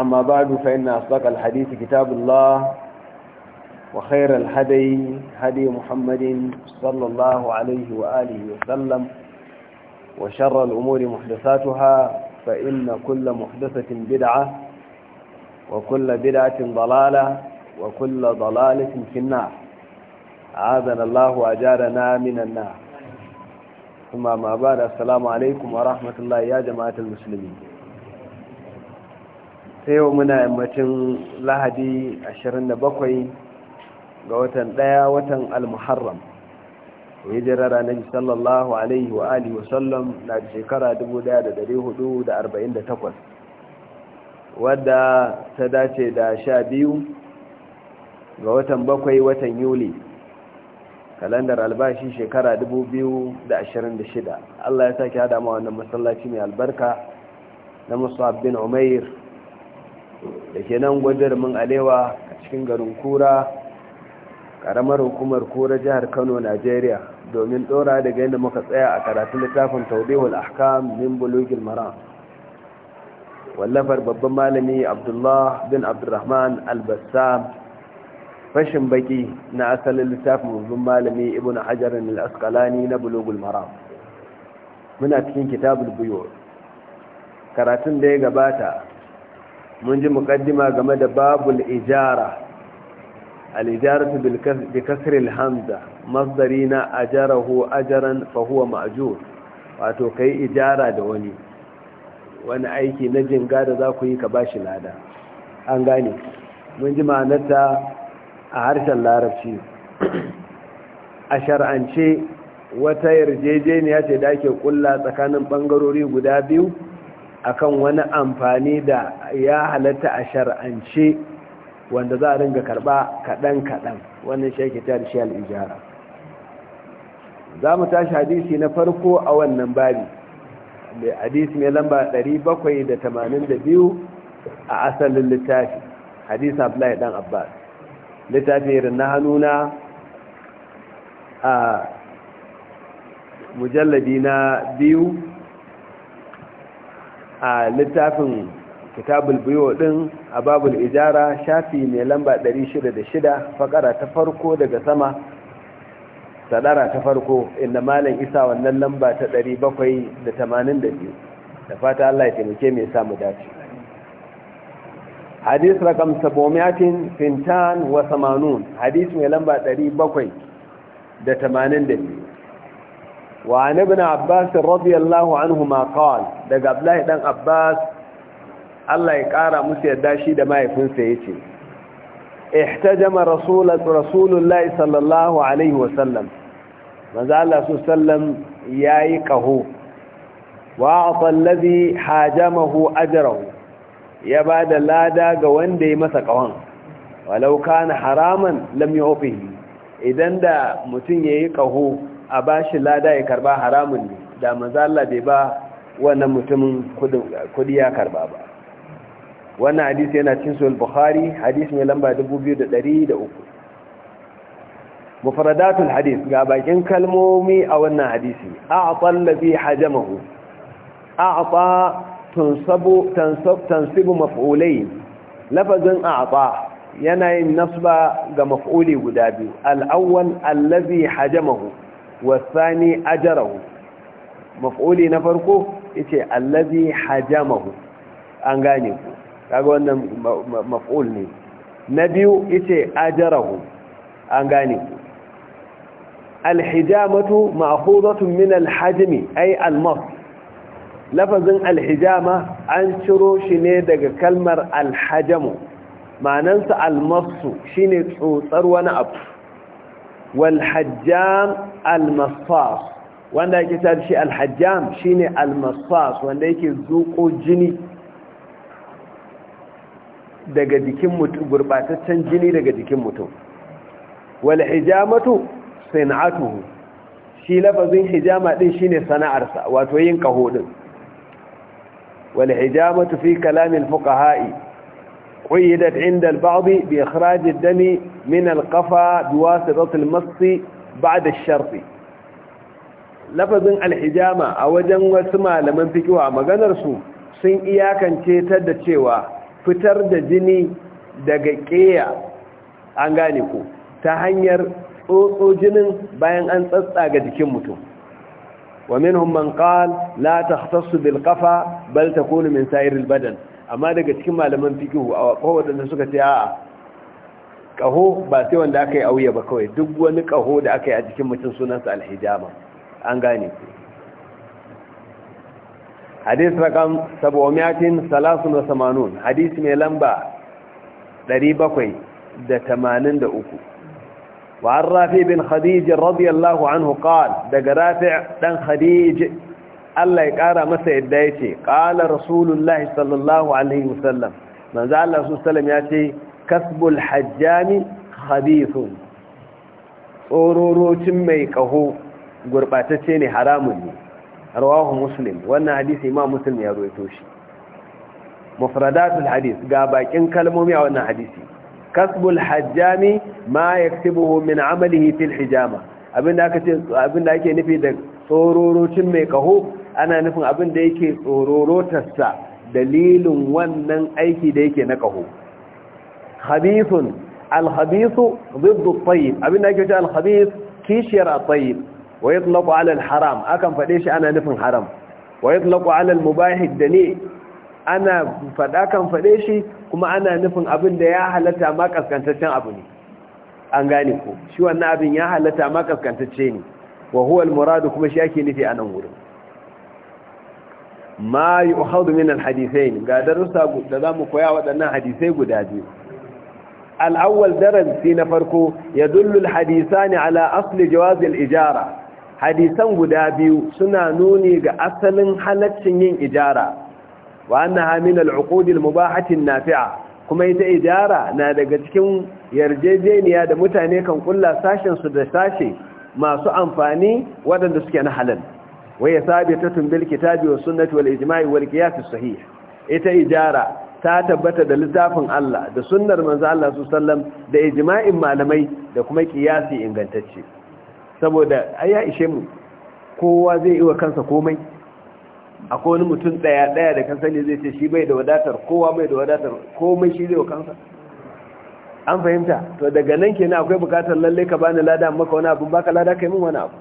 أما بعد فإن أصدق الحديث كتاب الله وخير الهدي هدي محمد صلى الله عليه وآله وسلم وشر الأمور محدثاتها فإن كل محدثة بدعة وكل بدعة ضلالة وكل ضلالة في النار عاذنا الله وأجارنا من النار ثم ما بعد السلام عليكم ورحمة الله يا جماعة المسلمين ta yau muna yammacin lahadi 27 ga watan ɗaya watan al-muharram hijirar ranar sallallahu alaihi wa alihi wasallam na shekara 1448 wadda ta dace da 12 ga watan bakwai watan yuli kalandar albashi shekara 2026 Allah ya sake hada ma wannan masallaci mai albarka na musab bin umair da ke nan gwajarmin alewa a cikin garin kura karamar hukumar kura jihar kano Najeriya domin dora daga yadda muka tsaya a karatun littafin taudewar ahkam min Bulugil mara wallafar babban malami abdullah bin abdurrahman albassam fashin baki na asalin littafin babban malami ibn hajar al na bulugul mara muna cikin kitabul buyo karatun da ya gabata mun ji mukaddima game da babul ijara al-ijaratu bi kasri hamza masdarina na ajarahu ajaran fa huwa ma'jur wato kai ijara da wani wani aiki na jinga da za ku yi ka bashi lada an gane mun ji ma'anarta a harshen larabci a shar'ance wata yarjejeniya ce da ake kulla tsakanin bangarori guda biyu akan wani amfani da ya halatta a shar'ance wanda za a ringa karba kaɗan-kaɗan wannan shaiki ta da shi al'ijara za mu tashi hadisi na farko a wannan babi da hadisi mai lamba 782 a asalin littafi hadisi abdullahi dan abbas littafi irin na hannuna a mujalladi na biyu a littafin kitabul biyo din a babul ijara shafi mai lamba 606 fakara ta farko daga sama sadara ta farko inda malam isa wannan lamba ta 782 da fata Allah ya taimake mai samu dace hadith rakam 700 fintan wa 80 hadith mai lamba 782 da wa an ibn abbas radiyallahu anhuma qala daga abdullahi dan abbas Allah ya kara musu yadda shi da mahaifinsa yace ihtajama rasul rasulullahi sallallahu alaihi wasallam manzo Allah sallam yayi kaho wa ata alladhi hajamahu ajrahu ya bada lada ga wanda ya masa kahon walau kana haraman lam yufihi idan da mutun yayi kaho a ba shi lada ya karba haramun ne da mazala bai ba wannan mutumin kudi ya karba ba wannan hadisi yana cin sun buhari hadisi mai lamba uku. mufradatul hadis ga bakin kalmomi a wannan hadisi a'ta allazi hajamahu a'ta tunsabu tansibu maf'ulai lafazin a'ta yana yin nasba ga maf'uli guda biyu al-awwal allazi hajamahu wasani ajarahu maf'uli na farko yace allazi hajamahu an gane ku kaga wannan maf'ul ne na biyu yace ajarahu an gane ku alhijamatu ma'khudatun min alhajmi ay almas lafazin alhijama an ciro shi ne daga kalmar alhajamu ma'anansa almasu shine tsotsar wani abu والحجام المصاص wanda yake tar shi shine almasas wanda yake zuko jini daga jikin mutum gurbataccen jini daga jikin mutum wal hijamatu sana'atuhu shi lafazin hijama din shine sana'arsa wato yin kaho din wal hijamatu fi kalamil fuqaha'i قيدت عند البعض بإخراج الدم من القفا بواسطة المص بعد الشرط lafazin alhijama a wajen wasu malaman fikiwa maganarsu sun iyakance ta da cewa fitar da jini daga ƙeya an gane ku ta hanyar tsotso jinin bayan an tsatsa ga jikin mutum wa minhum man qal la takhtassu bil qafa bal takunu min sa'iril badan amma daga cikin malaman fikihu a kowaɗanda suka ce a ƙaho ba sai wanda aka yi auya ba kawai duk wani kaho da aka yi a jikin mutum sunansa alhijama an gane ku hadis rakam 783 hadis mai lamba 783 wa an rafi bin khadijin radiyallahu anhu qala daga rafi dan khadijin Allah ya ƙara masa yadda ya ce ƙala rasulullahi sallallahu alaihi wasallam manzo Allah su sallam ya ce kasbul hajjami khabithun tsororocin mai ƙaho gurɓatacce ne haramun ne rawahu muslim wannan hadisi ma muslim ya ruwaito shi mufradatul hadis ga bakin kalmomi a wannan hadisi kasbul hajjami ma ya min amalihi fil hijama abinda abinda ake nufi da tsororocin mai kahu. ana nufin abin da yake tsororotarsa dalilin wannan aiki da yake na ƙaho khabithun alkhabithu ziddu tayyib abin da yake ce alkhabith kishiyar a tayyib wa yutlaqu ala al-haram akan fade shi ana nufin haram wa yutlaqu ala mubahid da ne, ana fada kan fade shi kuma ana nufin abin da ya halatta ma kaskantaccen abu ne an gane ku, shi wannan abin ya halatta ma kaskantacce ne wa huwa al kuma shi ake nufi a nan wurin. ma yi hadisai min alhadisai ga darussa da zamu koya waɗannan hadisai guda biyu al'awwal darasi na farko ya dullul hadisa ne ala asli jawazil ijara hadisan guda biyu suna nuni ga asalin halaccin yin ijara wa annaha min al'uqudil mubahatin nafi'a kuma ita ijara na daga cikin yarjejeniya da mutane kan kulla sashen su da sashe masu amfani waɗanda suke na halal waya sabitatun bil kitabi was sunnati wal ijma'i wal qiyas sahih ita ijara ta tabbata da littafin Allah da sunnar manzo Allah wasallam da ijma'in malamai da kuma qiyasi ingantacce saboda ai ya ishe mu kowa zai yi wa kansa komai akwai wani mutum daya daya da kan sani zai ce shi bai da wadatar kowa bai da wadatar komai shi zai wa kansa an fahimta to daga nan kenan akwai bukatar lalle ka bani lada maka wani abu baka lada kai min wani abu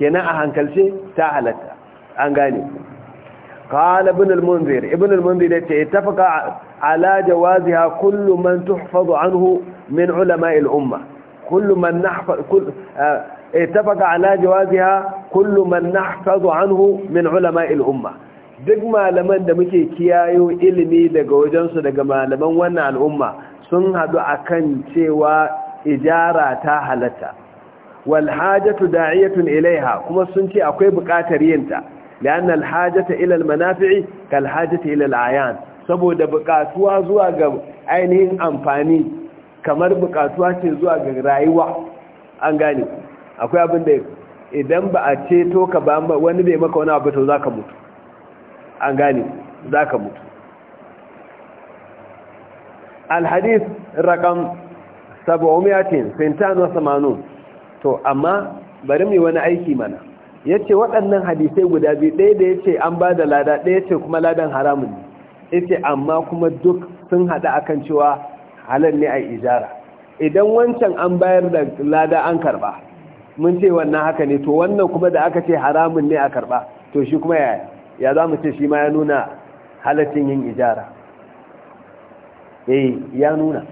kenan a hankalce ta halatta an gane qala ibn al-munzir ibn al-munzir yace ittafaqa ala jawaziha kullu man tuhfazu anhu min ulama'i al-umma kullu man nahfaz kull eh, ittafaqa ala jawaziha kullu man nahfazu anhu min ulama'i al-umma duk malaman da muke kiyayo ilimi daga wajen su daga malaman wannan al'umma sun hadu akan cewa ijara ta halatta wal hajatu da'iyatun ilaiha kuma sun ce akwai buƙatar yinta lianna al hajata ila al manafi'i kal hajati ila al ayan saboda buƙatuwa zuwa ga ainihin amfani kamar buƙatuwa ce zuwa ga rayuwa an gane akwai abin da idan ba a ceto ka ba wani bai maka wani abu to zaka mutu an gane zaka mutu al hadith rakam 780 to amma bari mu wani aiki mana yace waɗannan hadisai guda biyu ɗaya da yace an ba da lada ɗaya ce kuma ladan haramun ne yace amma kuma duk sun haɗa akan cewa halal ne a ijara idan wancan an bayar da lada an karba mun ce wannan haka ne to wannan kuma da aka ce haramun ne a karba to shi kuma yaya ya za mu ce shi ma ya nuna halaccin yin ijara eh ya nuna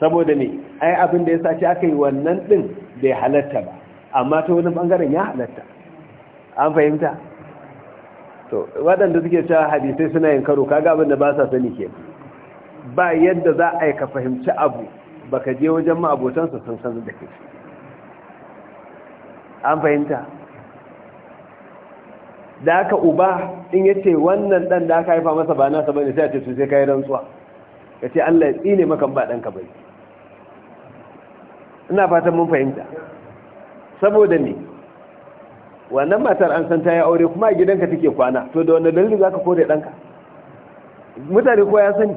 saboda ne ai abin da ya sace aka yi wannan din bai halatta ba amma ta wani bangaren ya halatta an fahimta to waɗanda suke cewa hadisai suna yin karo kaga abin da ba sa sani ke ba yadda za a yi ka fahimci abu baka je wajen ma'abotansa sun san da kai an fahimta da aka uba in ya ce wannan ɗan da aka haifa masa ba nasa bane sai a ce su sai ka yi rantsuwa ka ce allah ya tsine makan ba ɗanka bai ina fatan mun fahimta saboda ne wannan matar an san ta ya aure kuma a gidanka take kwana to da wanda dalilin za ka kore ɗanka mutane ko ya sani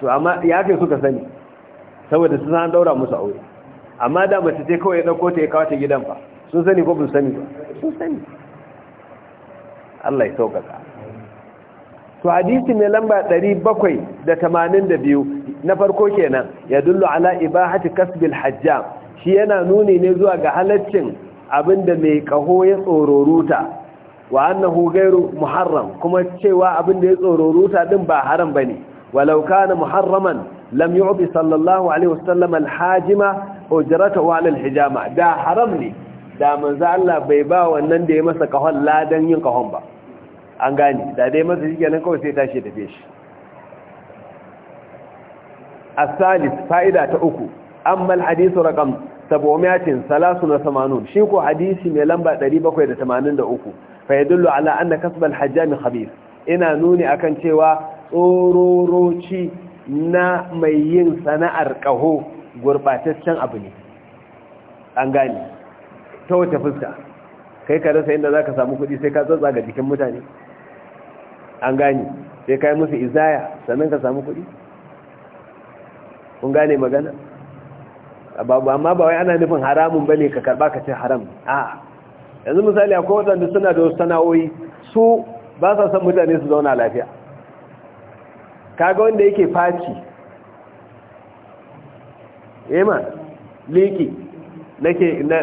to amma ya kai suka sani saboda su san daura musu aure amma da mace ce kawai ya ɗauko ta ya kawo ta gidan fa sun sani ko ba sani ba sun sani Allah ya sauƙaƙa to hadisi mai lamba 782 na farko kenan ya dullu ala ibahati kasbil Hajja, shi yana nuni ne zuwa ga halaccin abinda mai kaho ya tsororuta wa annahu ghairu muharram kuma cewa abinda ya tsororuta din ba haram bane walau kana muharraman lam yu'bi sallallahu alaihi wasallam hajima ujratahu ala Hijama. da haram ne da manzo Allah bai ba wannan da ya masa kahon ladan yin kahon ba an gane da dai masu shi kenan kawai sai tashi tafe shi A asalis fa'ida ta uku mal hadisu na samanun shi ko hadisi mai lamba 783 fa yadullu ala anna kasb al-hajjam habis ina nuni akan cewa tsororoci na mai yin sana'ar kaho gurbataccen abu ne an gane ta wata fuska kai ka rasa inda za ka samu kuɗi sai ka tsatsa ga jikin mutane an gane sai kai musu izaya sannan ka samu kuɗi kun gane magana amma ba wai ana nufin haramun bane ka karba ka ce haram a yanzu misali akwai waɗanda suna da wasu sana'o'i su ba sa son mutane su zauna lafiya kaga wanda yake faci ema eh liki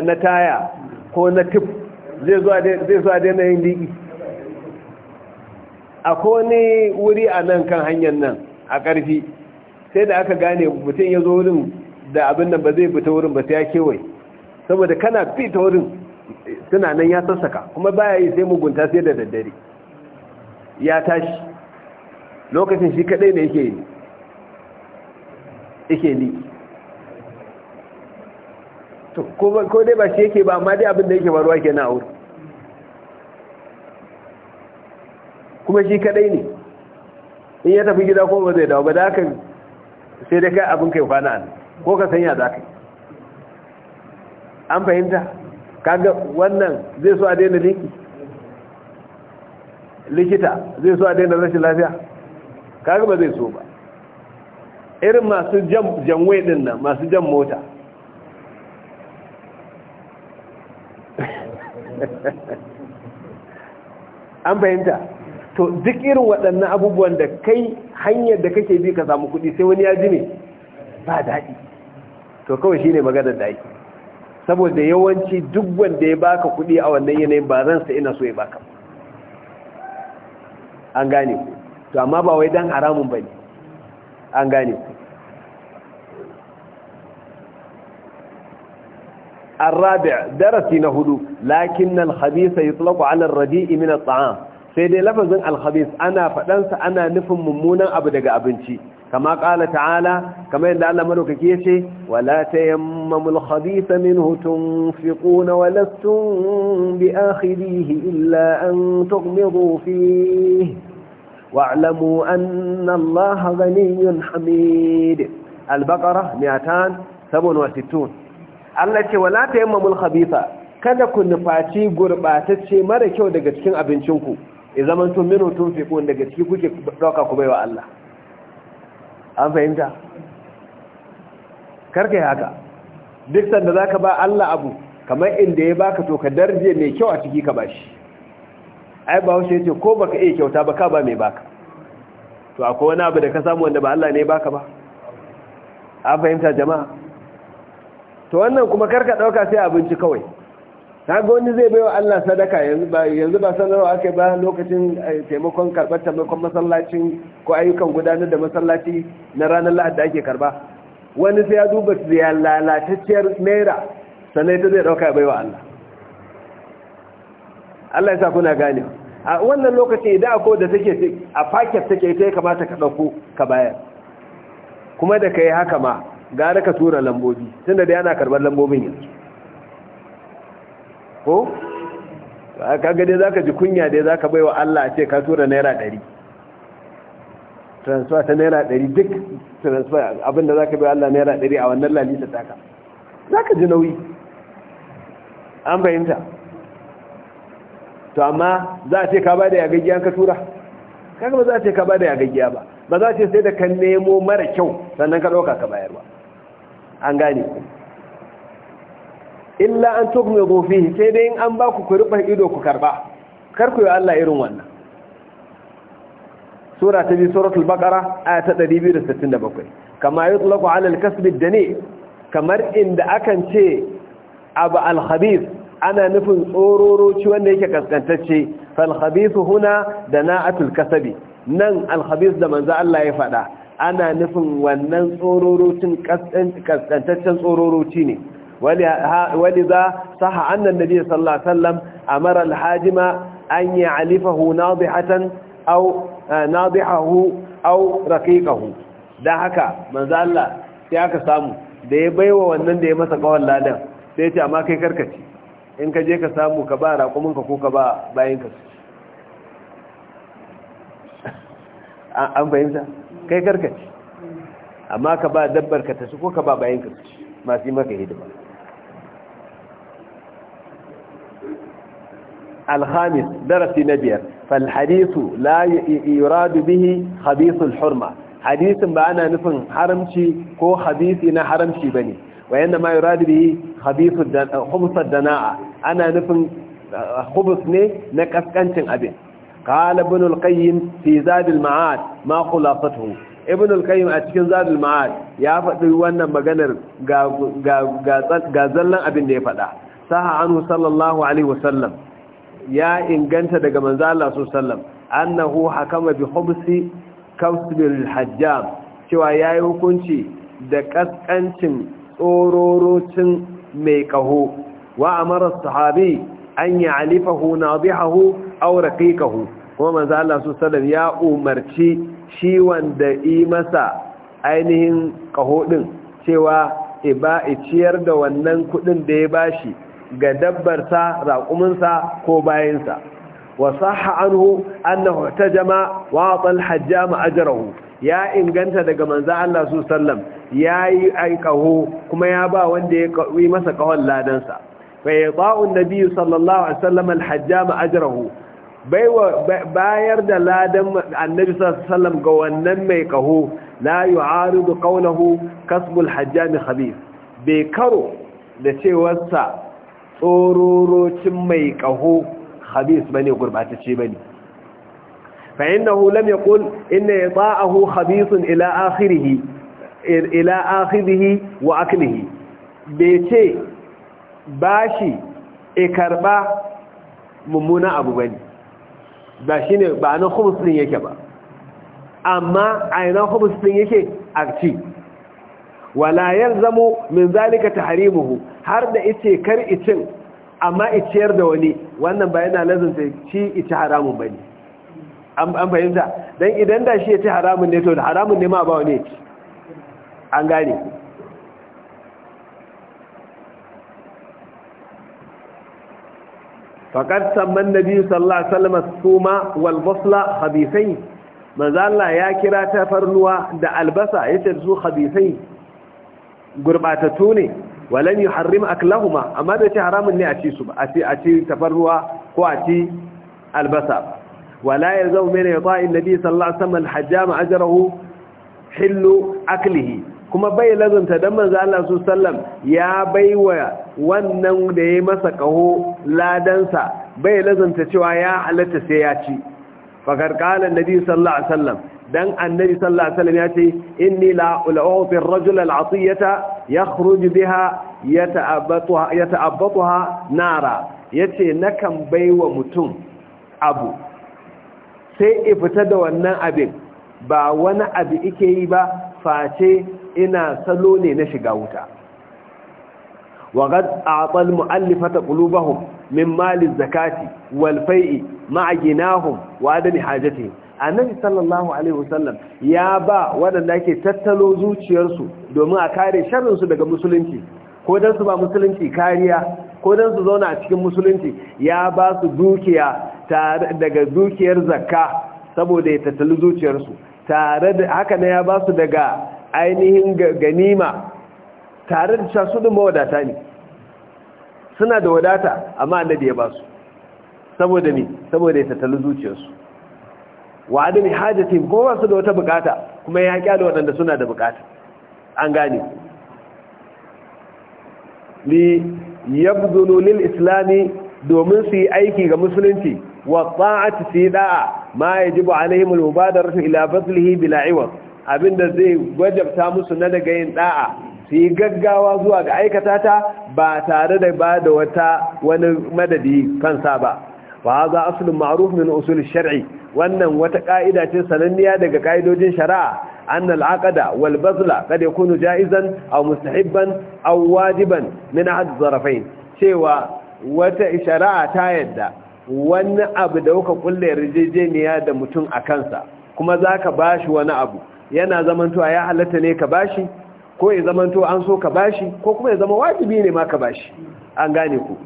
na taya ko na tip zai zuwa daina yin liki akwai wani wuri a nan kan hanyar nan a ƙarfi sai da aka gane mutum ya zo wurin da abin nan ba zai fita wurin ba sai ya kewai saboda kana fita wurin suna nan ya sassaka kuma baya yi sai mugunta sai da daddare ya tashi lokacin shi kadai ne yake yi yake ni ko dai ba shi yake ba amma dai abin da yake faruwa kenan na wurin kuma shi kadai ne in ya tafi gida ko ba zai dawo ba da haka sai dai kai abin kai kwana an ko ka sanya za ka an fahimta kaga wannan zai so a daina liki likita zai so a daina rashin lafiya kaga ba zai so ba irin masu janwai din nan masu jan mota an fahimta to duk irin waɗannan abubuwan da kai hanyar da kake bi ka samu kuɗi sai wani ya ji ne ba daɗi to kawai shi ne maganar da ake saboda yawanci duk wanda ya baka kuɗi a wannan yanayin ba zan sa ina so ya baka an gane ku to amma ba wai dan haramun ne. an gane ku الرابع درسي نهدو لكن الخبيث يطلق على الرديء من الطعام sai dai lafazin alhabis ana faɗansa ana nufin mummunan abu daga abinci kama ƙala ta'ala kama yadda Allah madaukake ce wala tayammamul khabitha minhu tunfiquna wa lastum bi akhirihi illa an tughmidu fihi wa'lamu anna Allah ghaniyyun hamid al-baqara 267 Allah ce wala tayammamul khabitha kada ku nufaci gurɓatacce mara kyau daga cikin abincinku ya zaman tun mino tun fi kowanne daga ciki kuke ɗauka ku baiwa Allah an fahimta karka yi haka duk sanda za ka ba Allah abu kamar inda ya baka to ka darje mai kyau a ciki ka bashi ai ba ya ce ko baka iya kyauta ba ka ba mai baka to akwai wani abu da ka samu wanda ba Allah ne baka ba an fahimta jama'a to wannan kuma karka ɗauka sai abinci kawai ga wani zai baiwa Allah sadaka yanzu ba sanarwa aka ba lokacin eh, taimakon karɓar taimakon masallacin ko ayyukan gudanar da masallaci na ranar lahadi da ake karba wani sai ya duba ya lalatacciyar naira sannan ita zai ɗauka baiwa Allah Allah ya sa kuna gane a wannan lokacin idan akwai da take a paket take ita ya kamata ka ɗauko ka bayar kuma da ka haka ma gara ka tura lambobi tunda da ana karɓar lambobin yanzu ko kaga dai zaka ji kunya dai zaka wa Allah a ce ka tura naira 100 transfer ta naira 100 duk transfer abinda zaka wa Allah naira 100 a wannan lalita taka zaka ji nauyi an fahimta to amma za a ce ka bada yagaggiya ka tura kaga ba za a ce ka bada yagaggiya ba ba za a ce sai da ka nemo mara kyau sannan ka dauka ka bayar ba an gane ku illa an mai fihi sai dai in an ba ku kurba ido ku karba kar ku yi Allah irin wannan sura ta bi suratul baqara aya ta 267 kama yi tsulaku al-kasb da dani kamar inda akan ce abu al ana nufin tsororoci wanda yake kaskantacce fal huna huna na'atul kasabi nan al da manzo Allah ya faɗa ana nufin wannan tsororocin kaskantaccen tsororoci ne ولذا صح أن النبي صلى الله عليه وسلم أمر الحاجم أن يعلفه ناضحة أو ناضحه أو رقيقه da haka manzo sai aka samu da ya baiwa wannan da ya masa kawan ladan sai ya ce amma kai karkace in ka je ka samu ka ba raƙumin ko ka ba bayan ka an fahimta kai karkace amma ka ba dabbar ka ta ko ka ba bayan ka masu yi maka hidima الخامس درس نبيا فالحديث لا يراد به خبيث الحرمة حديث بأنا نفن حرمشي كو إنا حرمشي بني وإنما يراد به خبيث خبص الدناعة أنا نفن خبص ني نكس نكسكنشن أبي قال ابن القيم في زاد المعاد ما خلاصته ابن القيم qayyim زاد المعاد zadul ma'ad مغنر faɗi wannan maganar ga عنه صلى الله عليه وسلم ya inganta daga manzo Allah sallallahu annahu hakama bi khubsi kawsbil hajjam cewa yayi hukunci da kaskancin tsororocin mai kaho wa amara sahabi an ya'lifahu nadihahu aw raqiqahu kuma manzo Allah sallallahu ya umarci shi wanda yi masa ainihin kaho din cewa iba ciyar da wannan kuɗin da ya bashi ga dabbarsa raƙuminsa ko bayansa Wasu wasaha anhu annahu tajama wa atal hajjama ajrahu ya inganta daga manza Allah su sallam yayi aikaho kuma ya ba wanda ya yi masa kahon ladansa fa yata'u an-nabi sallallahu alaihi wasallam al-hajjama ajrahu bayar da ladan annabi sallallahu ga wannan mai kaho la Aridu, Ƙaunahu, kasbul hajjami khabir bai karo da cewarsa tsororocin mai ƙaho habis ba ne gurbatacce ba ne fa'in na hulam ya ƙul ina ya ba'ahu habisun ila akhirihi wa akilihi bai ce ba shi e karɓa mummuna abu ba ne ba shi ne ba na humus ɗin yake ba amma a yana humus ɗin yake a ci wala yanzu min zalika ta harimuhu har da ice kar icin amma iciyar da wani wannan ba yana sai ci ita haramun ba ne an fahimta don idan da shi ya ci haramun ne to da haramun ne ma ba wani ci an gane faƙar samman na biyu sallah salama suma walbasla habisai mazala ya kira ta farnuwa da albasa ya ce su habisai gurɓatattu ne walan yuharrim aklahuma amma bai ce haramun ne a ci su ba a ci tafarruwa ko a ci albasa wala na min yata'i annabi sallallahu alaihi wasallam hajjama ajrahu hillu aklihi kuma bai lazanta dan manzo Allah su sallam ya baiwa wannan da ya masa kaho ladansa bai lazanta cewa ya halatta sai ya ci fakar qala annabi sallallahu alaihi wasallam dan annabi sallallahu alaihi wasallam ya ce inni la ul'ufi ar-rajul al-atiyata yakhruj biha yata'abbatuha yata'abbatuha nara yace nakan baiwa mutum abu sai i fita da wannan abin ba wani abu ike yi ba face ina salo ne na shiga wuta وقد أعطى المؤلفة قلوبهم mali zakati, الزكاة والفيء مع جناهم وعدم حاجتهم annabi sallallahu alaihi wasallam ya ba waɗanda ke tattalo zuciyarsu domin a kare sharrinsu daga musulunci ko don su ba musulunci kariya ko don su zauna a cikin musulunci ya ba su dukiya daga dukiyar zakka saboda ya tattali zuciyarsu tare da haka ne ya ba su daga ainihin ganima tare da cewa su wadata ne suna da wadata amma annabi ya ba su saboda ne saboda ya tattali zuciyarsu wa adam hajatihim ko ba da wata bukata kuma ya kyale waɗanda suna da bukata an gane li yabdulu lil islami domin su yi aiki ga musulunci wa ta'ati fi da'a ma yajibu alaihim al mubadaratu ila fadlihi bila iwad abinda zai wajabta musu na daga yin da'a su yi gaggawa zuwa ga aikata ta ba tare da ba da wata wani madadi kansa ba wa hadha aslun ma'ruf min usul shar'i wannan wata ƙa'ida ce sananniya daga ƙa'idojin shari'a an na wal bazla kada yakunu jaizan a mustahibban aw wajiban min ahad zarafain cewa wata shari'a ta yadda wani abu da uka kulle yarjejeniya da mutum a kansa kuma zaka bashi wani abu yana zamantowa ya halatta ne ka bashi ko ya zamantowa an so ka bashi ko kuma ya zama wajibi ne ma ka bashi an gane ku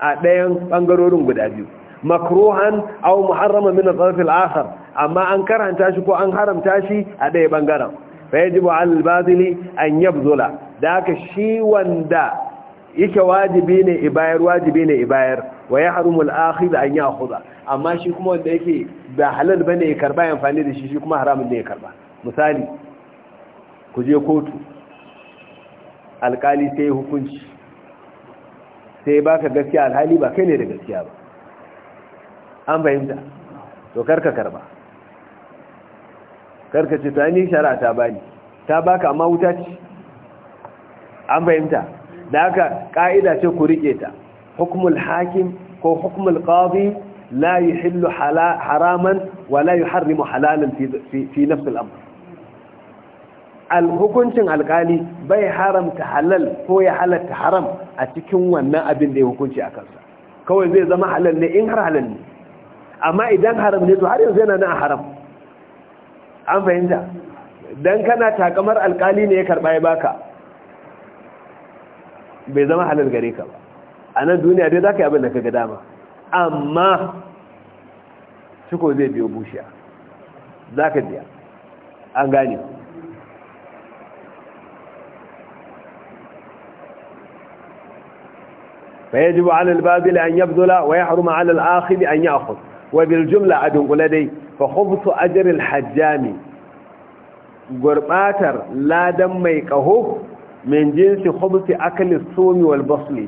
a ɗayan ɓangarorin guda biyu makruhan aw muharraman min al-taraf al-akhar amma an karanta shi ko an haramta shi a ɗaya bangaren fa yajibu al-bazili an yabzula da haka shi wanda yake wajibi ne ibayar wajibi ne ibayar wa yahrumu al al'akhid an ya'khudha amma shi kuma wanda yake ba halal bane ya karba amfani da shi shi kuma haramun ne ya karba misali ku je kotu alkali sai hukunci sai baka gaskiya alhali ba kai ne da gaskiya ba an fahimta to karka karba karka ce tani shara shari'a ta bani ta baka amma wuta ce an fahimta da haka ka'ida ce ku rike ta hukmul hakim ko hukmul qadi la yuhillu haraman wa la yuharrimu halalan fi nafsi al-amr hukuncin alkali bai haramta halal ko ya halatta haram a cikin wannan abin da ya hukunci a kansa kawai zai zama halal ne in har halal ne amma idan haram ne to har yanzu yana nan a haram an fahimta dan kana takamar alkali ne ya karba ya baka bai zama halal gare ka ba a nan duniya dai zaka yi abin da ka ga dama amma ciko zai biyo bushiya za ka biya an gane فيجب على الباذل أن يبذل ويحرم على الآخذ أن يأخذ wa bil jumla a dunkule dai fa khubtu ajril hajjami gurbatar ladan mai kaho min jinsi khubti akli sumi wal basli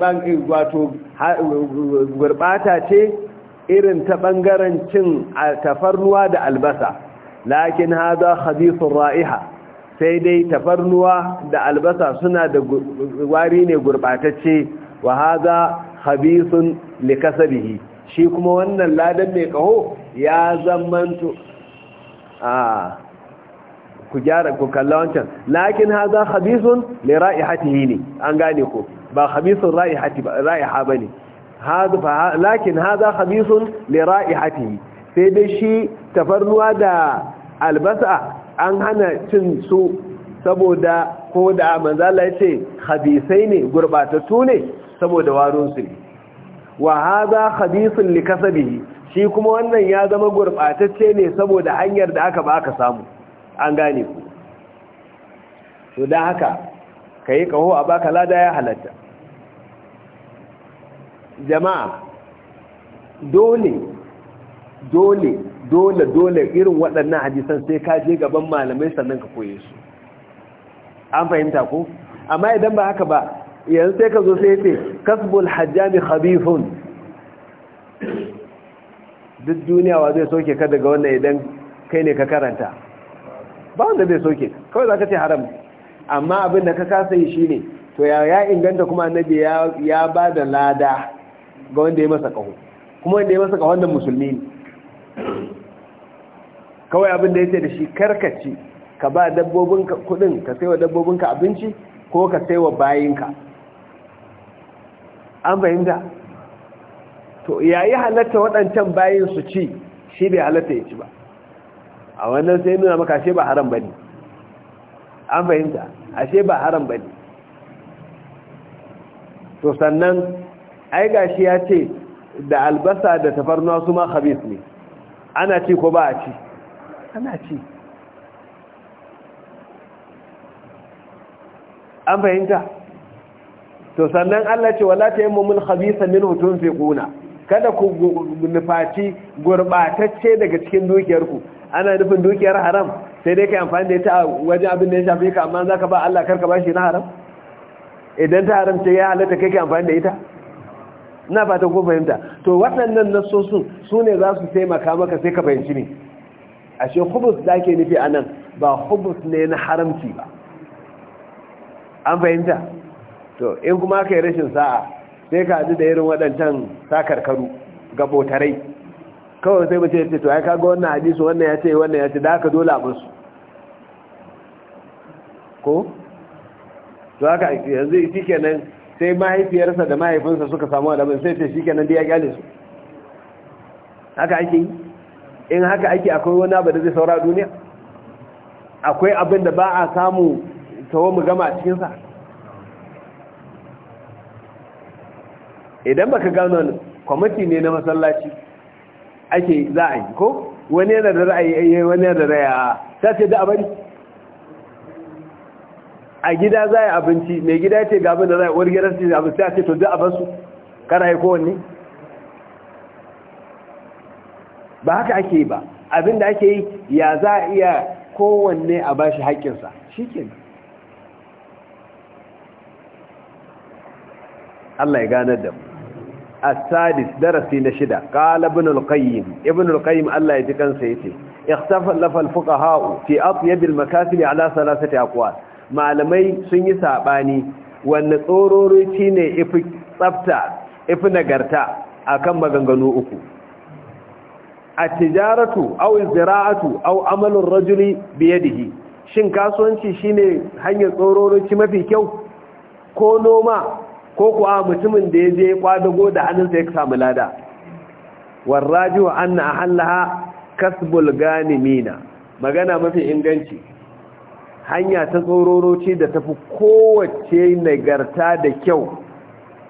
banki wato gurbata ce irin ta bangaren cin tafarnuwa da albasa lakin haza khabithur ra'iha sai dai tafarnuwa da albasa suna da wari ne gurbatacce wa haza khabisun likasabihi shi kuma wannan ladan mai kaho ya zamanto a ku gyara ku kalla wancan lakin habisun mai ra'i hati ne an gane ku. ba ra'i hati ba ha ba ne lakin mai ra'i hati ne sai dai shi tafarnuwa da albasa an hana cin su saboda ko da manzala ce habisai ne gurbatattu ne saboda warunsu ne wa hadha khabithun kasabihi shi kuma wannan ya zama gurbatacce ne saboda hanyar da aka ba samu an gane ku to dan haka kai kaho a baka lada ya halatta jama'a dole dole dole dole irin waɗannan hadisan sai ka je gaban malamai sannan ka koye su an fahimta ko amma idan ba haka ba yanzu sai ka zo sai ce kasbul hajjami khabifun duk duniya wa zai soke ka daga wannan idan kai ne ka karanta ba wanda zai soke kawai za ka ce haram amma abin da ka kasa yi shi ne to ya inganta kuma annabi ya ba da lada ga wanda ya masa kaho kuma wanda ya masa kaho wanda musulmi ne kawai abin da ya ce da shi karkaci ka ba dabbobinka kudin ka sai wa dabbobinka abinci ko ka sai wa bayinka an fahimta to yayi halatta waɗancan bayin su ci shi bai halatta ya ci ba a wannan sai nuna maka ashe ba haram bane an fahimta ashe ba haram bane to sannan ai gashi ya ce da albasa da tafarnuwa su ma khabith ne ana ci ko ba a ci ana ci an fahimta to sannan Allah ce wala tayammumul khabisa fi tunfiquna kada ku nufaci gurbatacce daga cikin dukiyarku ana nufin dukiyar haram sai dai kai amfani da ita a wajen abin da ya shafi ka amma zaka ba Allah karka bashi na haram idan ta haram ce ya halatta kai kai amfani da ita ina fata ko fahimta to waɗannan nassosin su ne za su taimaka maka sai ka fahimci ne ashe hubus da ake nufi anan ba hubus ne na haramci ba an fahimta to in kuma aka yi rashin sa'a sai ka ji da irin waɗancan sakarkaru ga botarai kawai sai mace ce to ai ka ga wannan hadisi wannan ya ce wannan ya ce da aka dole a musu ko to haka yanzu shi kenan sai mahaifiyarsa da mahaifinsa suka samu alamun sai ce shi kenan da ya kyale su haka ake yi in haka ake akwai wani abu da zai saura duniya akwai abin da ba a samu tawo mu gama cikinsa idan baka gano wani kwamiti ne na masallaci ake za a yi ko wani yana da ra'ayi ayyai eh, wani yana da ra'ayi a ta ce da abin a gida za a abinci mai gida ce ga abin da za a wani gidan ce abin ce to da abin su kana yi kowanne ba haka ake yi ba abin da ake yi ya za a iya kowanne a ba shi haƙƙinsa shi ke Allah ya ganar da mu السادس درسي نشدة قال ابن القيم ابن القيم الله يتكن سيتي اختلف الفقهاء في أطيب المكاسب على ثلاثة أقوال malamai sun yi saɓani wanne tsororoci ne ifi tsafta ifi nagarta akan maganganu uku a tijaratu au zira'atu au amalin rajuli biyadihi shin kasuwanci shine hanyar tsororoci mafi kyau ko noma ko kuwa mutumin da ya je kwadago da hannunsa ya samu lada warraju wa anna ahallaha kasbul ganimina magana mafi inganci hanya ta tsororoci da tafi kowace nagarta da kyau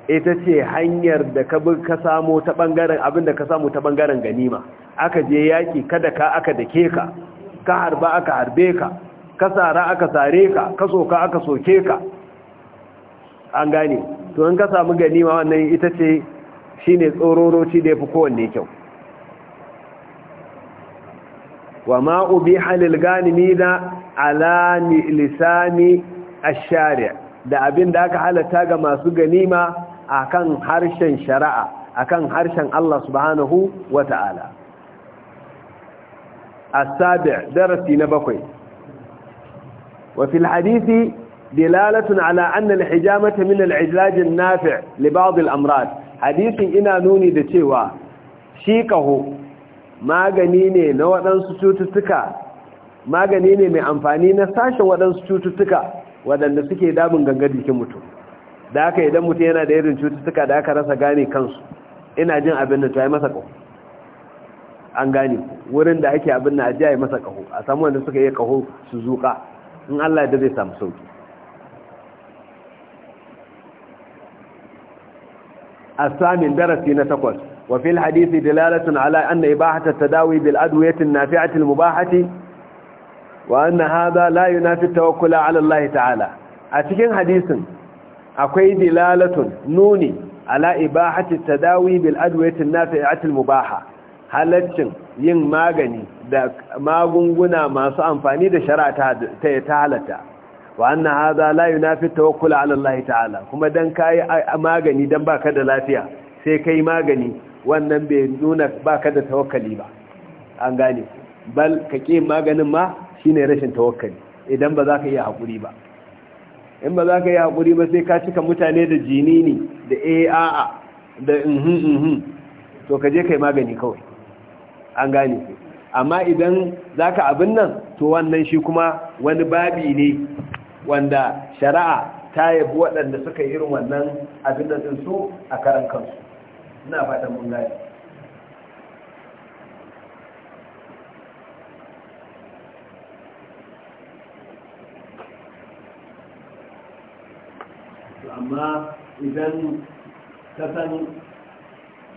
ita ce hanyar da ka bi ka samu ta bangaren abin da ka samu ta bangaren ganima aka je yaki kada ka aka dake ka ka harba aka harbe ka ka sara aka sare ka ka soka aka soke ka an gane to in ka samu ganima wannan ita ce shine tsororoci da yafi kowanne kyau wa ma halil gani ganimi da ala lisani ash-shari' da abin da aka halatta ga masu ganima akan harshen shari'a akan harshen Allah subhanahu wata'ala A sabi darasi na bakwai wa fil hadisi دلالة على أن الحجامة من العلاج النافع لبعض الأمراض حديث إنا نوني دتيوا شيكه ما ne na waɗansu cututtuka magani ne mai amfani na sashen waɗansu cututtuka waɗanda suke damun gangar jikin mutum da idan mutum yana da irin cututtuka da aka rasa gane kansu ina jin an gane wurin da ake abin na ajiya masa kaho a samuwan da suka yi kaho su zuka in allah da zai samu sauki الثامن درس في نتقل وفي الحديث دلالة على أن إباحة التداوي بالأدوية النافعة المباحة وأن هذا لا ينافي التوكل على الله تعالى أتكين حديث أكوي دلالة نوني على إباحة التداوي بالأدوية النافعة المباحة halaccin yin magani da ما masu ما da shara ta halatta wa anna hadha la yunafi tawakkul ala Allah ta'ala kuma dan kai magani dan baka da lafiya sai kai magani wannan bai nuna baka da tawakkali ba an gane bal ka ke maganin ma shine rashin tawakkali idan ba za ka yi hakuri ba in ba za ka yi hakuri ba sai ka cika mutane da jinini da a'a da mhm mhm to ka je kai magani kawai an gane amma idan zaka abin nan to wannan shi kuma wani babi ne wanda shari'a ta yabi waɗanda suka yi irin wannan abin da su a karan kansu ina fatan mun gani amma idan ka san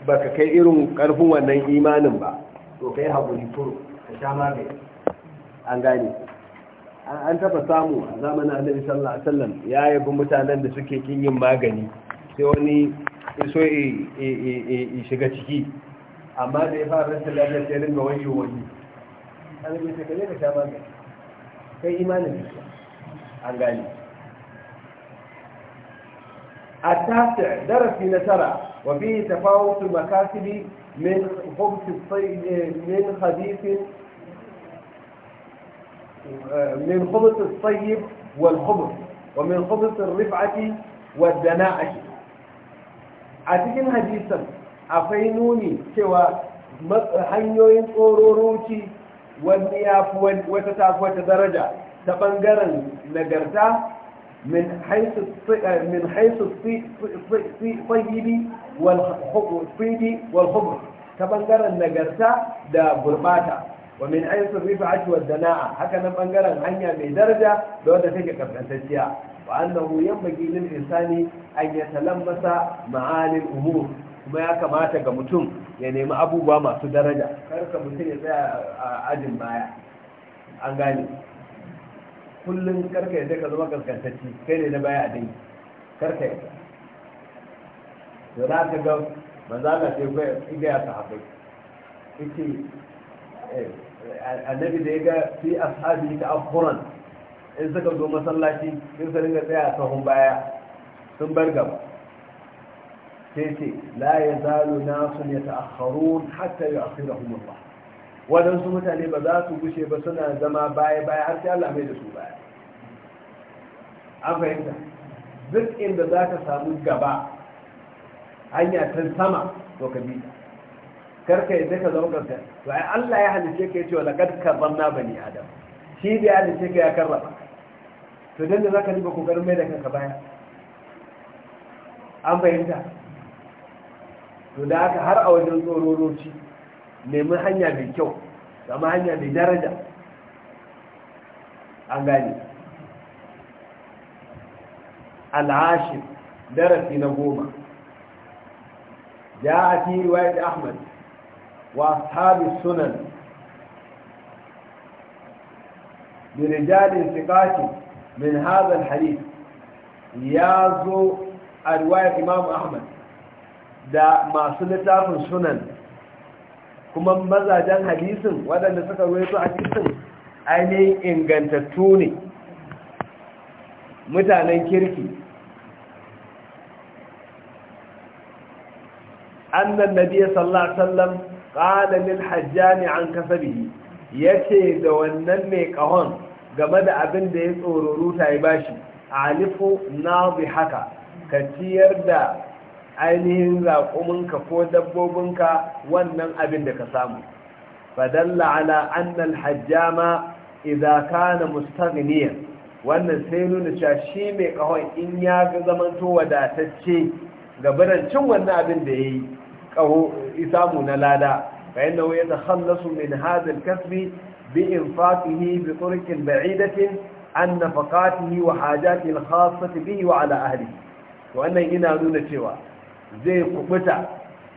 baka kai irin ƙarfin wannan imanin ba to kai haƙuri furu ka sha magani an gane an taba samu a zamanin annabi sallallahu alaihi wasallam ya yabi mutanen da suke kin yin magani sai wani so e shiga ciki amma da ya fara rashin lafiya sai ringa wani wani yi sai ne ka sha magani kai imanin an gani التاسع درس نسرة وفيه تفاوت المكاسب من خبث الصيد من خبيث من خبز الصيب والخبز ومن خبز الرفعة والدناعة أتكن حديثا أفينوني سوى hanyoyin tsororoci wani ya fi wata tafi wata daraja ta ɓangaren nagarta min haisu tsayibi wal ta ɓangaren nagarta da gurbata wa min aisu sarrifa wa dana'a haka nan bangaren hanya mai daraja da wanda take kaskantacciya wa annahu yambagi lil insani an yatalammasa ma'ani al-umur kuma ya kamata ga mutum ya nemi abubuwa masu daraja kar ka mutum ya tsaya a ajin baya an gane kullum karka yadda ka zama kaskantacci kai ne na baya a dangi karka yadda da ka ga manzana sai kai iga ya sahabai ita annabi da ya ga fi ashabi ta afuran in suka zo masallaci sun sa dinga tsaya sahun baya sun bar gaba sai ce la ya zalo na sun ya ta'akharun hatta ya akhirahum Allah wadansu mutane ba za su gushe ba suna zama baya baya har sai Allah mai da su baya an fahimta duk inda za ka samu gaba hanya ta sama to ka bi ta karka yadda ka zama kanka to ai Allah ya halice ka yace wala kad karramna bani adam shi da ya halice ka ya karrama to dan da zaka riba kokarin mai da kanka baya an bayyana to da haka har a wajen tsororoci nemi hanya mai kyau zama hanya mai daraja an gane al'ashir darasi na goma جاء في رواية أحمد وأصحاب السنن برجال ثقات من هذا الحديث يازو الرواية إمام أحمد da masu littafin sunan kuma mazajen hadisin waɗanda suka ruwaito hadisin ainihin ingantattu ne mutanen kirki annan nabiya sallallahu alaihi wasallam قال للحجان عن an kasabihi yace da wannan mai kahon game da abin da ya tsororo ta yi bashi alifu haka ka ciyar da ainihin zakuminka ko dabbobinka wannan abin da ka samu fadalla ala annal hajjama idza kana mustaghniyan wannan sai nuna cewa shi mai kahon in ya ga zamanto wadatacce ga cin wannan abin da yayi kaho isamu na lada fa inna ya takhallasu min hadha al-kasbi bi infatihi bi turqin ba'idatin an nafaqatihi wa hajatihi al-khassati bihi wa ala ahlihi wannan ina nuna cewa zai kubuta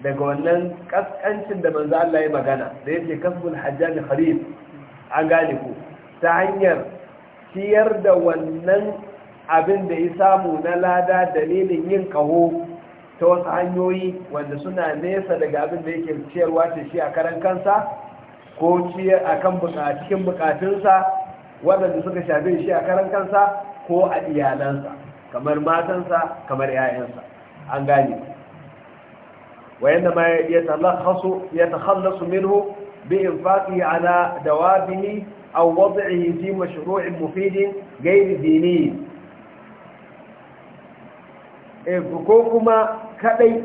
daga wannan kaskancin da manzo Allah ya magana da yake kasbul hajjaj kharif an gane ku ta hanyar ciyar da wannan abin da ya samu na lada dalilin yin kaho ta wasu hanyoyi wanda suna nesa daga abin da yake ciyarwa ce shi a karan kansa ko ciyar a kan cikin bukatunsa waɗanda suka shafi shi a karan kansa ko a iyalansa kamar matansa kamar 'ya'yansa an gane wayanda ma ya talakhasu ya takhallasu minhu bi infaqihi ala dawabihi aw wad'ihi fi mashru'in mufidin ghayr dini eh, ko kuma kadai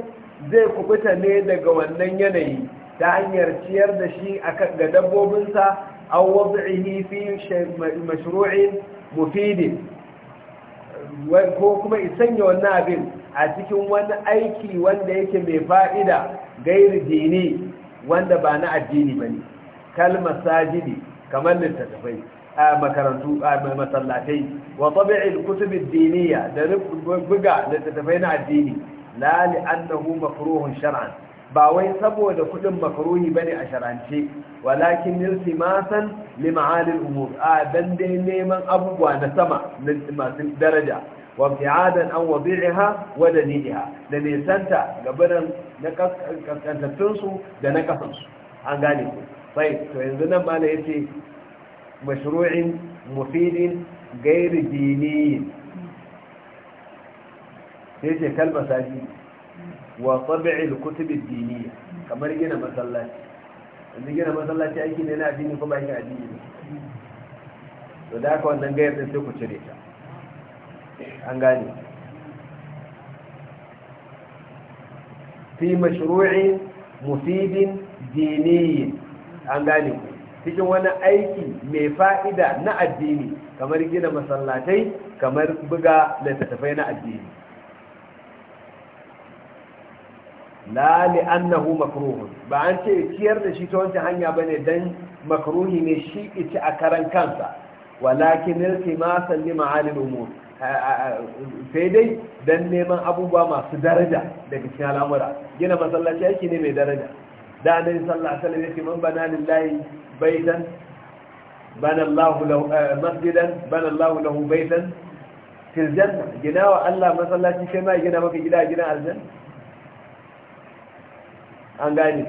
zai kubuta ne daga wannan yanayi ta hanyar ciyar da shi ga dabbobinsa a wazi'ihi fi mashru'in mufidin ko kuma isanya wannan abin a cikin wani aiki wanda yake mai fa'ida gairi dini wanda ba na addini ba ne kalmar sajidi kamar littattafai a makarantu a masallatai wa tsabi'il kutubin diniya da buga littattafai na addini la li'annahu makruhun shar'an ba wai saboda kudin makruhi bane a shar'ance walakin iltimasan li ma'alil umur a dan neman abubuwa na sama masu daraja wa fi'adan an wadi'iha wa da nisanta gabaran na kaskantattun su da na kasan su an gane ku sai to yanzu nan mala yace mashru'in mufidin gairi diniyin sai ce kalma sadi wa tabi'il kutubi diniya kamar gina masallaci yanzu gina masallaci aiki ne na addini kuma aikin addini ne to da aka wannan gayar din sai ku cire ta an gane fi mashru'i mufidin diniyin an gane ku cikin wani aiki mai fa'ida na addini kamar gina masallatai kamar buga littattafai na addini la li annahu makruhun ba an ce ciyar da shi ta wancan hanya bane dan makruhi ne shi ita a karan kansa walakin iltimasan li ma'alil umur sai dai dan neman abubuwa masu daraja daga cikin al'amura gina masallaci yake ne mai daraja da annabi sallallahu alaihi wasallam yake man bana lillahi baitan bana Allahu lahu eh, masjidan bana Allahu lahu baitan fil janna gina wa Allah masallaci sai ma gina maka gida gidan aljanna an gane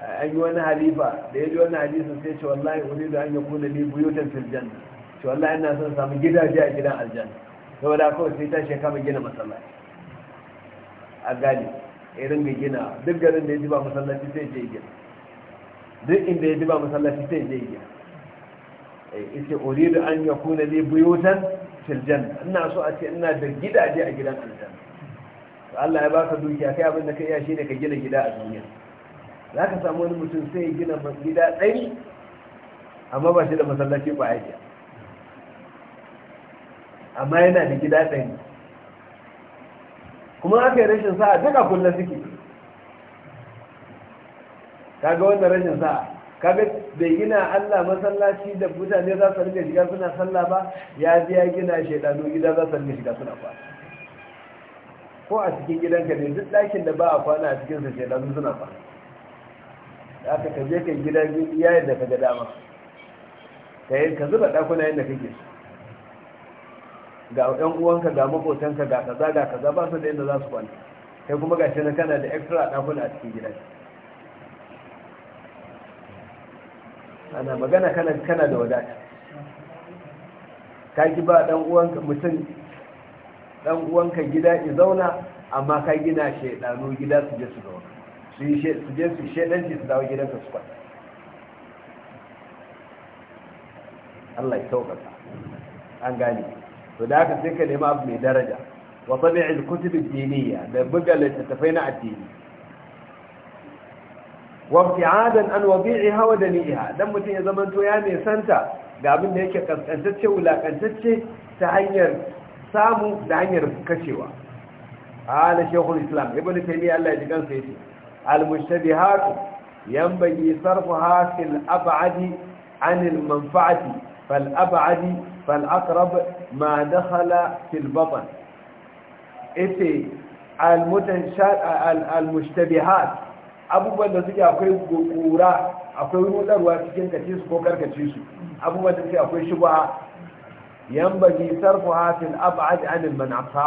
an yi wani halifa da ya ji wani hadisin sai ce wallahi wani da an yi kuna ne buyutan filjanna ce wallahi ina son samun gidaje a gidan aljanna saboda kawai sai ta shekama gina masallaci a gane irin ringa gina duk garin da ya ji ba masallaci sai je gina duk inda ya ji ba masallaci sai je gina eh, ita da an yakuna li buyutan filjan ina so a ce ina da gidaje a gidan aljan. Allah ya baka dukiya kai abin da ka iya shi ne ka gina gida a duniya za ka samu wani mutum sai ya gina gida ɗari amma ba shi da masallaci ba aiki amma yana da gida ɗari kuma aka yi rashin sa'a duka kullum suke kaga wannan rashin sa'a kaga bai gina Allah masallaci da mutane za su rike shiga suna sallah ba ya je ya gina shaidanu gida za su rike shiga suna kwana ko a cikin gidanka ne duk ɗakin da ba a kwana a cikin sa shaidan suna kwana da aka kaje ka gida yayin da ka ga dama ka yi ka zuba ɗakuna yadda kake ga ɗan uwanka ga makotanka ga kaza ga kaza ba su da yadda za su kwana kai kuma ga shi na kana da extra ɗakuna a cikin gidanka ana magana kana kana da wadata ka ki ba ɗan uwanka mutum dan uwanka gida i zauna amma ka gina shedanu gida su je su zauna su je su shaidanci su dawo ka su kwata Allah ya ka, an gane to da haka sai ka nemi abu mai daraja wa al kutub ad-diniyya da buga littafai na addini wa ibtiadan an wadi'iha wa dani'iha dan mutun ya zamanto to ya ne santa ga abin da yake kaskantacce wulakantacce ta hanyar samu da hanyar kashewa ala shekul islam ibn taymi Allah ya ji kansa yace al mushtabihat yanbaghi sarfuha fil ab'adi an al manfa'ati fal ab'adi fal aqrab ma dakhala fil batn ite al mutanshad al mushtabihat abubuwan da suke akwai kura akwai rudarwa cikin kace su ko karkace su abubuwan da suke akwai shubha yanbaghi sarfuha fil ab'ad 'an al-man'afa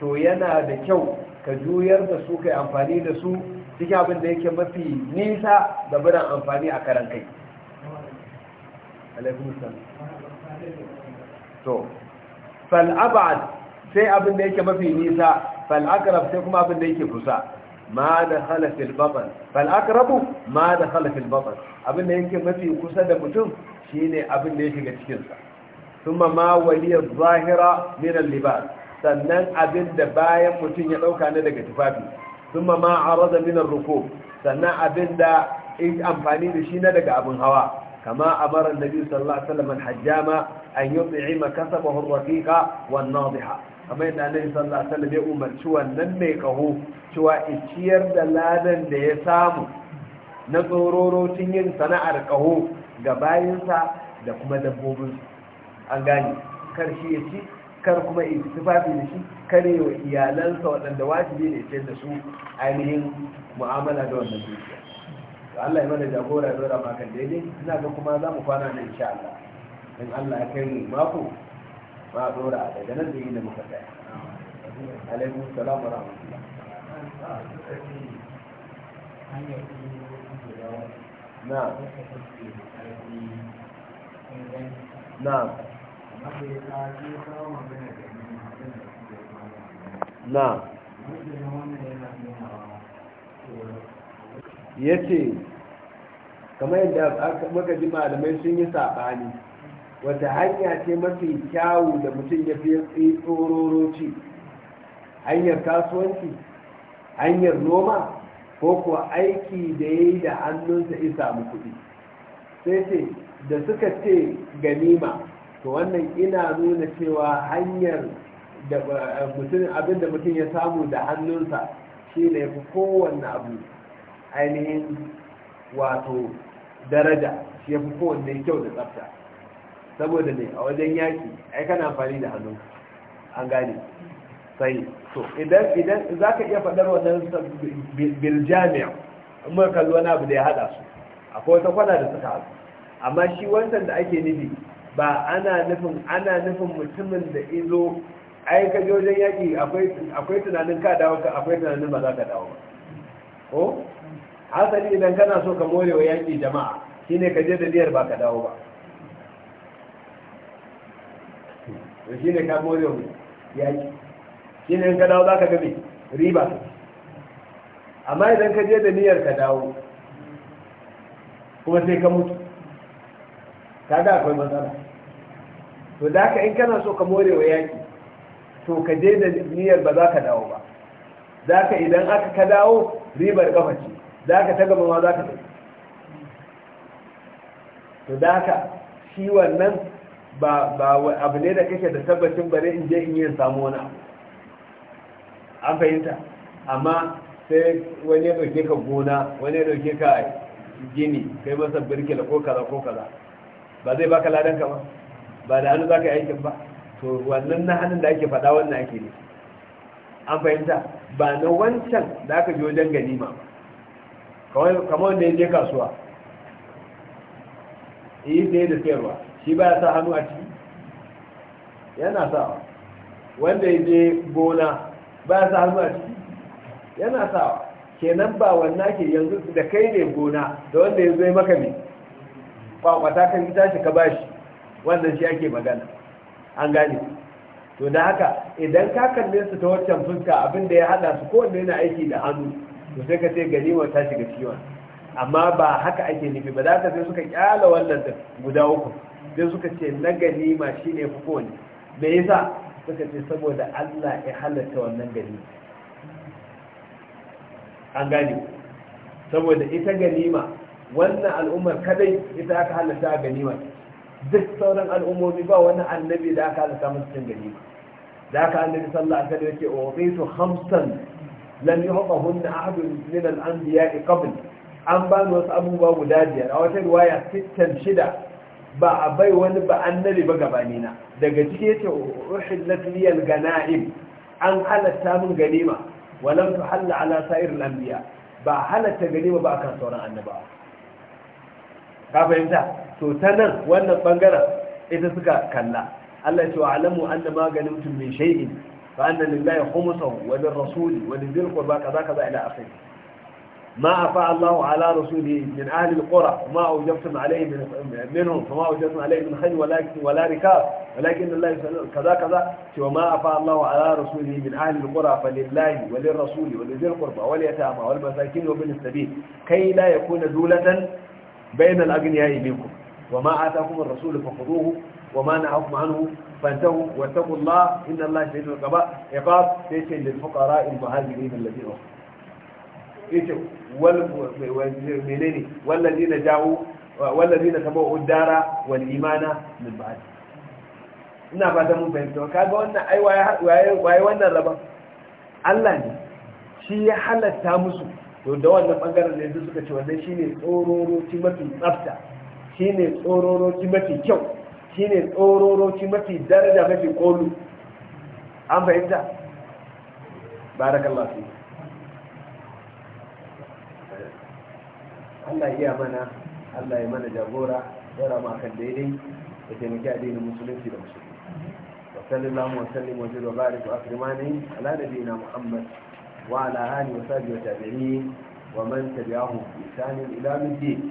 to yana da kyau ka juyar da su kai amfani da su cikin abin da yake mafi nisa da biran amfani a karan kai to fal ab'ad sai abin da yake mafi nisa fal aqrab sai kuma abin da yake kusa ma da halafin baban fal'akarabu ma da halafin baban abin da yake mafi kusa da mutum shi ne abin da ya shiga cikinsa kuma ma waliyar zahira minan libas sannan abin da bayan mutum ya ɗauka ne daga tufafi kuma ma a raza minan ruko sannan abin da amfani da shi na daga abin hawa kama a marar nabi sallallahu alaihi hajjama an yi tsi'ima kasabahu raqiqa wan nadiha kama yadda annabi sallallahu alaihi ya umarci wannan mai kaho cewa iciyar da ladan da ya samu na tsororocin yin sana'ar kaho ga bayinsa da kuma dabbobinsa an gani kar shi ya ci kar kuma ya ci tufafi da shi kar ya wa iyalansa waɗanda wajibi ne ce da su ainihin mu'amala da wannan dukiya to Allah ya mana jagora da rama kan daidai ina ga kuma za mu kwana nan insha Allah in Allah ya kai mu mako ma dora daga nan da yi da muka tsaya alaikum salam wa rahmatullah na na na ya ce kamar yadda maka ji malamai sun yi saɓani wata hanya ce mafi kyawu da mutum ya fi tsororoci hanyar kasuwanci hanyar noma ko kuwa aiki da ya yi da hannunsa isa mu kuɗi sai ce da suka ce ganima to wannan ina nuna cewa hanyar eh, abinda mutum ya samu da hannunsa shi ne fi kowanne abu ainihin wato daraja shi ya fi kowanne kyau da tsafta saboda ne a wajen yaki ai kana amfani da hannun an gane sai to idan idan za ka iya faɗar wannan jami'a amma kalli wani abu da ya haɗa su akwai wata kwana da suka haɗu amma shi wancan da ake nufi ba ana nufin ana nufin mutumin da izo ai ka je wajen yaƙi akwai tunanin ka dawo ka akwai tunanin ba za ka dawo ba ko asali idan kana so ka more wa yaƙi jama'a shine ka je da niyyar ba ka dawo ba to shine ka more wa yaƙi shine in ka dawo za ka ga me riba amma idan ka je da niyyar ka dawo kuma sai ka mutu kaga akwai matsala to da ka, in kana so ka more wa yaƙi to ka je da niyyar ba za ka dawo ba za ka idan aka ka dawo ribar kafa ce za ka ta gaba ma za ka tafi to da ka, shi wannan ba abu ne da kake da tabbacin bare in je in yi samu wani abu an fahimta amma sai wani ya dauke ka gona wani ya dauke ka gini kai masa birkila ko kaza ko kaza ba zai baka ladanka ba ba da hannu za ka yi aikin ba to wannan na hannun da ake faɗa wannan ake ne an fahimta ba na wancan da aka ji wajen ganima kamar wanda ya je kasuwa yi da da sayarwa shi ba ya sa hannu a ciki yana wa. wanda ya je gona ba ya sa hannu a ciki yana wa. kenan ba wannan ke yanzu da kai ne gona da wanda ya zai maka ne kwakwata kan gita shi ka bashi wannan shi ake magana an gane to da haka idan ka kalle su ta waccan fuska abin da ya hada su kowanne yana aiki da hannu to sai ka ce wa ta shiga ciwon amma ba haka ake nufi ba za ka sai suka kyala wannan da guda uku sai suka ce na ganima ne fi kowane me yasa suka ce saboda Allah ya halatta wannan gani an gane saboda ita ganima wannan al'ummar kadai ita aka halatta ganima duk sauran al'ummomi ba wani annabi da aka halitta musu cin gani da aka annabi sallallahu alaihi wasallam yake uqitu khamsan lam yu'tahunna ahadun min al-anbiya'i qabl an ba ni wasu abubuwa guda biyar a wata riwaya sittan shida ba a bai wani ba annabi ba gabani na daga ciki yake uhillat liyal ganaim an halatta min ganima wa lam tuhalla ala sa'ir al ba halatta ganima ba akan sauran annabawa ka fahimta to ta nan wannan bangaren ita suka kalla Allah ya ce wa alamu maganin mutum min shay'i fa anna lillahi khumsahu wa rasuli wa lidhil kaza kaza ila akhir ma afa Allah ala rasuli min ahli al qura ma awjabtum alayhi wala rikab walakin Allah kaza kaza ce wa ma afa Allah ala rasuli min ahli al qura fa lillahi wa lir rasuli wa lidhil qurba wal yatama wal masakin wa bin sabil kay la yakuna dulatan bayna al aghniya minkum وما آتاكم الرسول فخذوه وما نهاكم عنه فانتهوا واتقوا الله إن الله شديد العقاب ليس للفقراء المهاجرين الذين وصلوا والذين جاءوا والذين تبوا الدار والإيمان من بعد ina fata mun fahimta kaga wannan ai waye waye wannan rabon Allah ne shi ya halatta musu to da wannan bangaren ne suka ce wannan shine tsororo ci mafi tsafta shi ne tsororoci mafi kyau shi ne tsororoci mafi daraja mafi kolu an fahimta ba da kallafi allah iya mana allah ya mana jagora yara makon daidai da taimaki adini musulunci da musulunci wasallin lamun wasallin wajen da bari su afirmanin aladabi na muhammad wa ala hani wasa biyar tabirin wa man tabi isa isanin ilamin jini